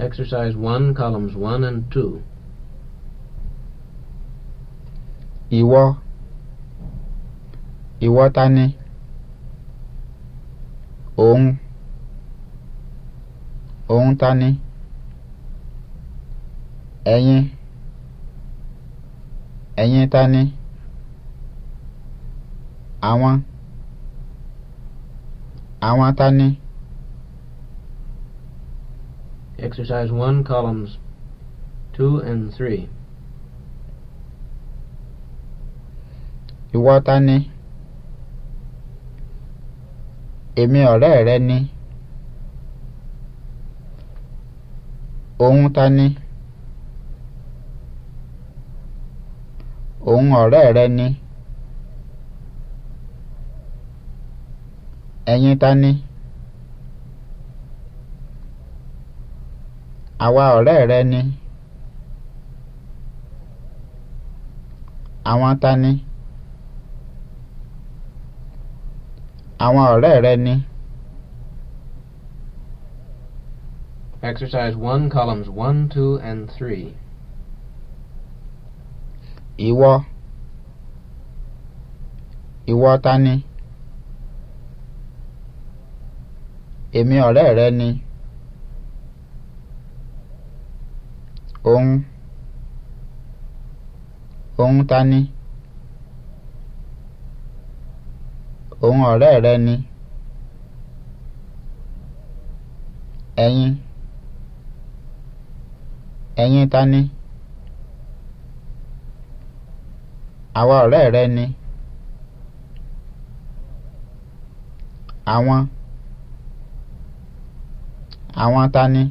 Exercise 1, columns 1 and 2. Ìwọ. Ìwọ tani. ni? Òun. Òun ta ni? Ẹ̀yin. Ẹ̀yin Àwọn. Àwọn Exercise 1, columns 2 and 3. Ìwọ ta ni? Èmi ọ̀rẹ́ rẹ ni. Òun ta ni? Òun ọ̀rẹ́ rẹ ni. Ẹ̀yin ta ni? àwa ọ̀rẹ́ rẹ ni àwọn ta ni àwọn ọ̀rẹ́ rẹ ni. Exercise 1, columns 1, 2, and 3. Ìwọ. Ìwọ ta ni? Èmi ọ̀rẹ́ rẹ ni. òun òun ta ni òun ọ̀rẹ́ rẹ ni ẹ̀yin ẹ̀yin ta ni àwa ọ̀rẹ́ rẹ ni àwọn àwọn ta ni.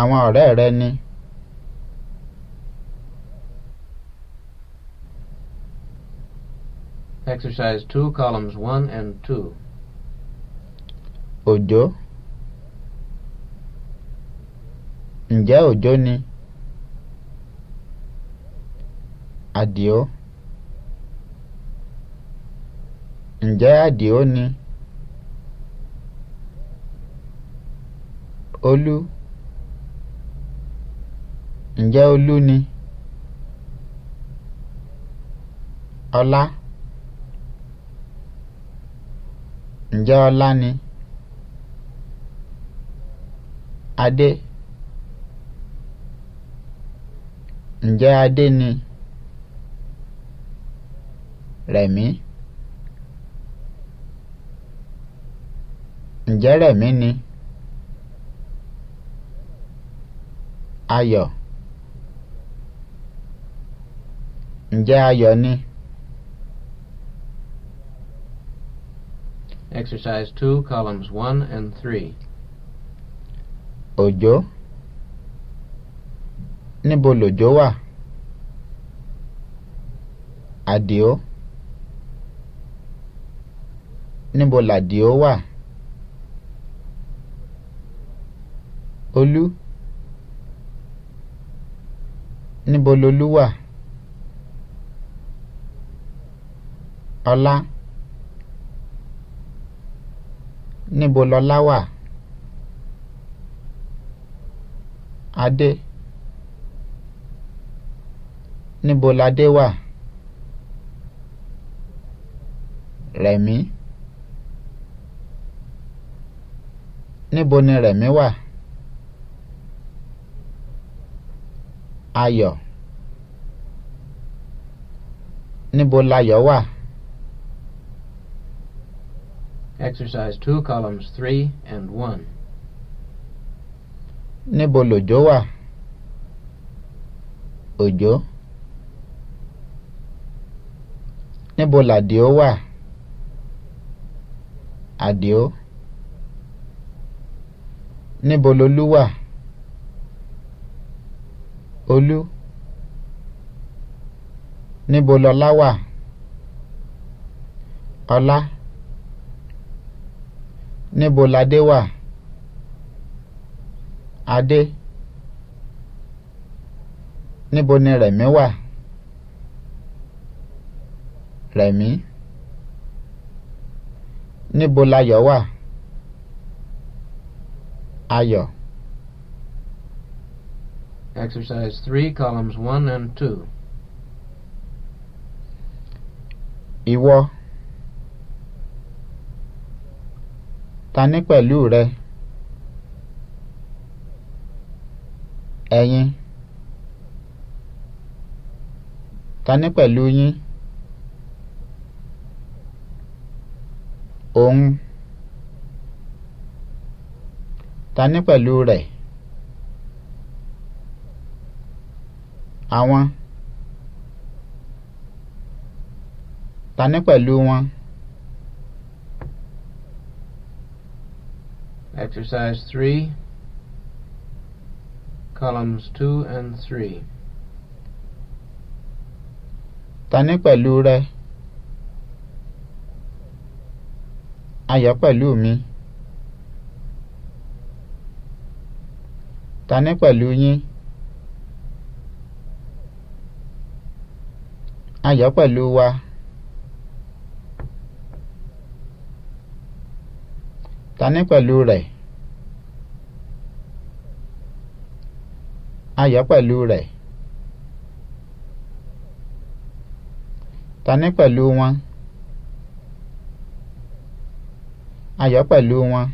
àwọn ọ̀rẹ́ rẹ ni. Exercise two columns one and two. Òjò. Ǹjẹ́ òjò ni? Àdìó. Ǹjẹ́ Àdìó ni? Olú. Ǹjẹ́ Olú ni? Ọlá? Ǹjẹ́ Ọlá ni? Adé? Ǹjẹ́ Adé ni? Rẹ̀mí? Ǹjẹ́ Rẹ̀mí ni? Ayọ̀? Ǹjẹ́ ayọ̀ ni? Exercise two columns one and three. Òjò. Níbo lòjò wà? Àdìó. Níbo làdìó wà? Olú. Níbo lolú wà? Ọlá níbo lọlá wà? Adé níbo ladé wà? Rẹ̀mí níbo ni Rẹ̀mí wà? Ayọ̀ níbo layọ̀ wà? Exercise 2, columns 3 and 1. Níbo lòjó wà? Òjó. Níbo làdìó wà? Àdìó. Níbo lolú wà? Olú. Níbo lọlá wà? Níbo l'Adé wà? Adé. Níbo ni Rẹ̀mí wà? Rẹ̀mí. Níbo l'Ayọ̀ wà? Ayọ̀. Exercise three columns one and two. Ìwọ. ta ni pẹ̀lú rẹ ẹ̀yin ta ni pẹ̀lú yín òun ta ni pẹ̀lú rẹ̀ àwọn ta ni pẹ̀lú wọn. Exercise 3, columns 2 and 3. Ta ni pẹ̀lú rẹ? Ayọ̀ pẹ̀lú mi. Ta pẹ̀lú yín? Ayọ̀ pẹ̀lú wa. tani pẹ̀lú rẹ̀ ayọ̀ pẹ̀lú rẹ̀ tani pẹ̀lú wọn ayọ̀ pẹ̀lú wọn.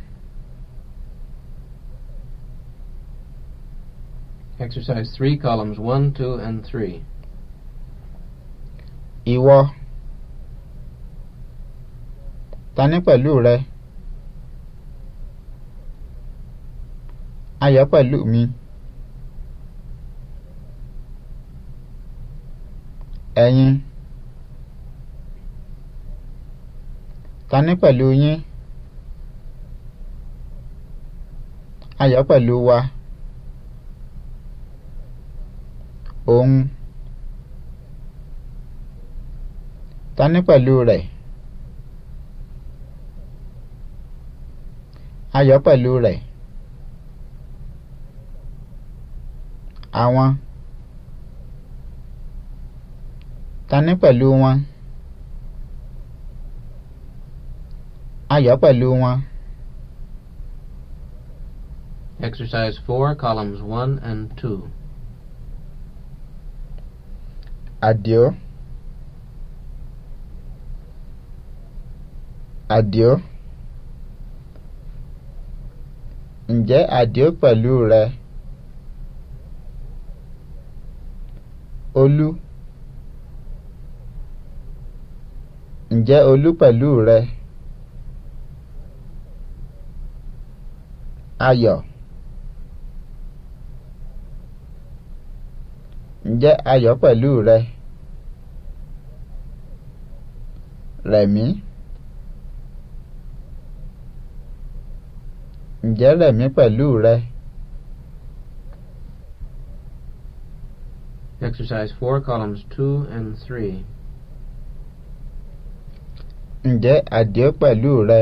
Exercise 3, columns 1, 2, and 3. Ìwọ. Tani pẹ̀lú rẹ̀. Ayọ̀pẹ̀lúmi ẹ̀yin tani pẹ̀lú yín ayọ̀ pẹ̀lú wa òun tani pẹ̀lú rẹ̀ ayọ̀ pẹ̀lú rẹ̀. Àwọn Tani pẹ̀lú wọn? Ayọ̀ pẹ̀lú wọn. Exercise four, columns one and two. Adio. Adio. Ǹjẹ́ Adio pẹ̀lú rẹ? Olú: Ǹjẹ́ Olú pẹ̀lú rẹ? Ayọ̀: Ǹjẹ́ Ayọ̀ pẹ̀lú rẹ? Rẹ̀mí: Ǹjẹ́ Rẹ̀mí pẹ̀lú rẹ? Exercise 4, columns 2 and 3. Ǹjẹ́ Àdìó pẹ̀lú rẹ?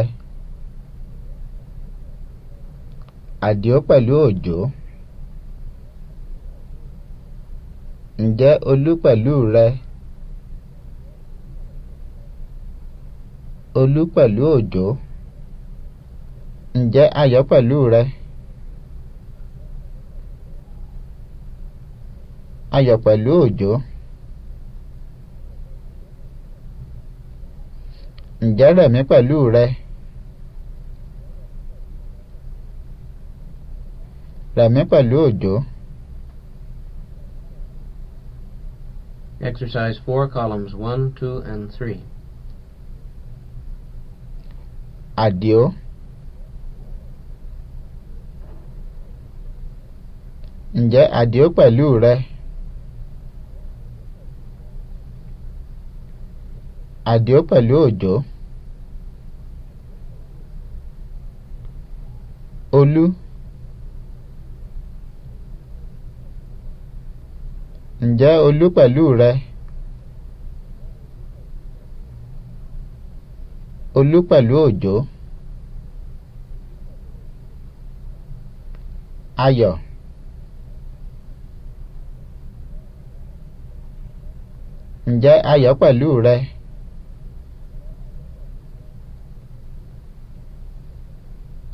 Àdìó pẹ̀lú Òjó? Ǹjẹ́ Olú pẹ̀lú rẹ? Olú pẹ̀lú Òjó? Ǹjẹ́ Ayọ̀ pẹ̀lú rẹ? Ayọ̀ pẹ̀lú Òjó. Ǹjẹ́ Rẹ̀mí pẹ̀lú rẹ? Rẹ̀mí pẹ̀lú Òjó. Exercise four columns one, two, and three. Adio. Ǹjẹ́ Adio pẹ̀lú rẹ? Àdìó pẹ̀lú Òjó Olú ǹjẹ́ Olú pẹ̀lú rẹ? Olú pẹ̀lú Òjó Ayọ̀ ǹjẹ́ Ayọ̀ pẹ̀lú rẹ?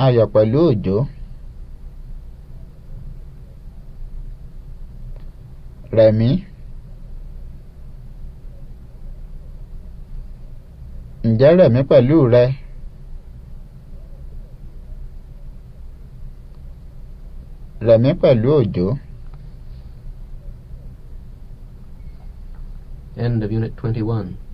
Ayọ̀ pẹ̀lú Òjó Rẹ̀mí ǹjẹ́ Rẹ̀mí pẹ̀lú rẹ Rẹ̀mí pẹ̀lú Òjó. End of Unit 21.